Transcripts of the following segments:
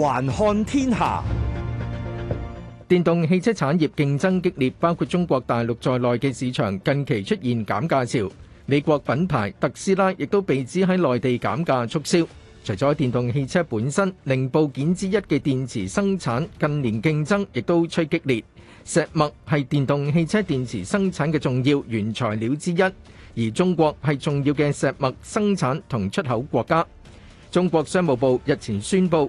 環看天下，電動汽車產業競爭激烈，包括中國大陸在內嘅市場近期出現減價潮。美國品牌特斯拉亦都被指喺內地減價促銷。除咗電動汽車本身，零部件之一嘅電池生產近年競爭亦都趨激烈。石墨係電動汽車電池生產嘅重要原材料之一，而中國係重要嘅石墨生產同出口國家。中國商務部日前宣布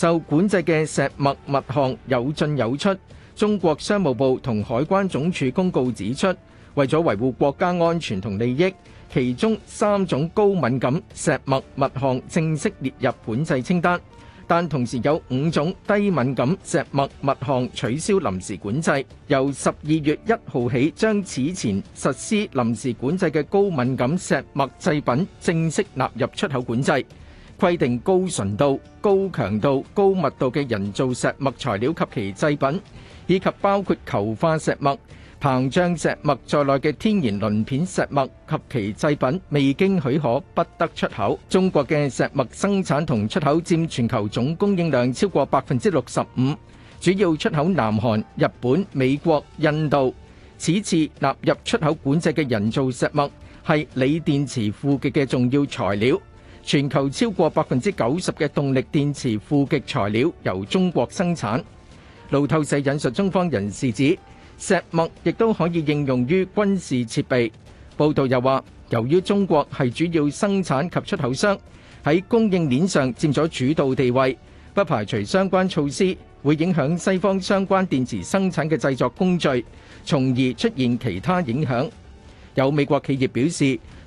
受管制嘅石墨物項有進有出，中國商務部同海關總署公告指出，為咗維護國家安全同利益,其中三種高敏感石墨物項正式列入管制清單,但同時有五種低敏感石墨物項取消臨時管制,由十二月一號起將此前實施臨時管制嘅高敏感石墨製品正式納入出口管制。規定高純度、高強度、高密度嘅人造石墨材料及其製品，以及包括球化石墨、膨脹石墨在內嘅天然鱗片石墨及其製品，未經許可不得出口。中國嘅石墨生產同出口佔全球總供應量超過百分之六十五，主要出口南韓、日本、美國、印度。此次納入出口管制嘅人造石墨係鋰電池負極嘅重要材料。全球超過百分之九十嘅動力電池負極材料由中國生產。路透社引述中方人士指，石墨亦都可以應用於軍事設備。報道又話，由於中國係主要生產及出口商，喺供應鏈上佔咗主導地位，不排除相關措施會影響西方相關電池生產嘅製作工序，從而出現其他影響。有美國企業表示：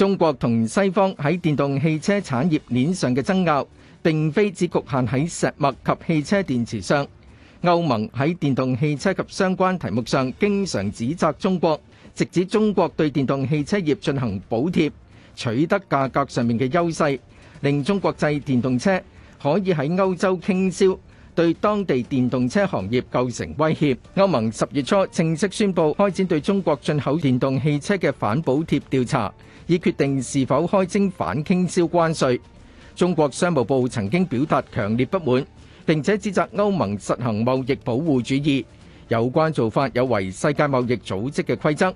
中國同西方喺電動汽車產業鏈上嘅爭拗，並非只局限喺石墨及汽車電池上。歐盟喺電動汽車及相關題目上，經常指責中國，直指中國對電動汽車業進行補貼，取得價格上面嘅優勢，令中國製電動車可以喺歐洲傾銷。對當地電動車行業構成威脅。歐盟十月初正式宣布開展對中國進口電動汽車嘅反補貼調查，以決定是否開徵反傾銷關稅。中國商務部曾經表達強烈不滿，並且指責歐盟實行貿易保護主義，有關做法有違世界貿易組織嘅規則。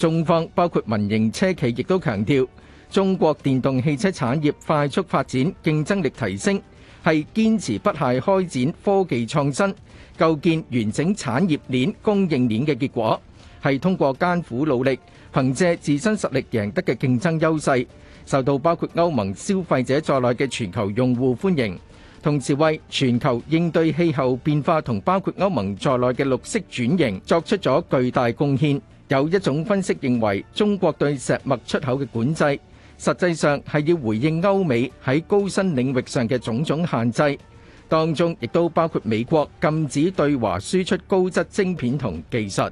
中方包括民營車企亦都強調，中國電動汽車產業快速發展，競爭力提升，係堅持不懈開展科技創新、構建完整產業鏈供應鏈嘅結果，係通過艱苦努力，憑借自身實力贏得嘅競爭優勢，受到包括歐盟消費者在內嘅全球用戶歡迎，同時為全球應對氣候變化同包括歐盟在內嘅綠色轉型作出咗巨大貢獻。有一種分析認為，中國對石墨出口嘅管制，實際上係要回應歐美喺高新領域上嘅種種限制，當中亦都包括美國禁止對華輸出高新晶片同技術。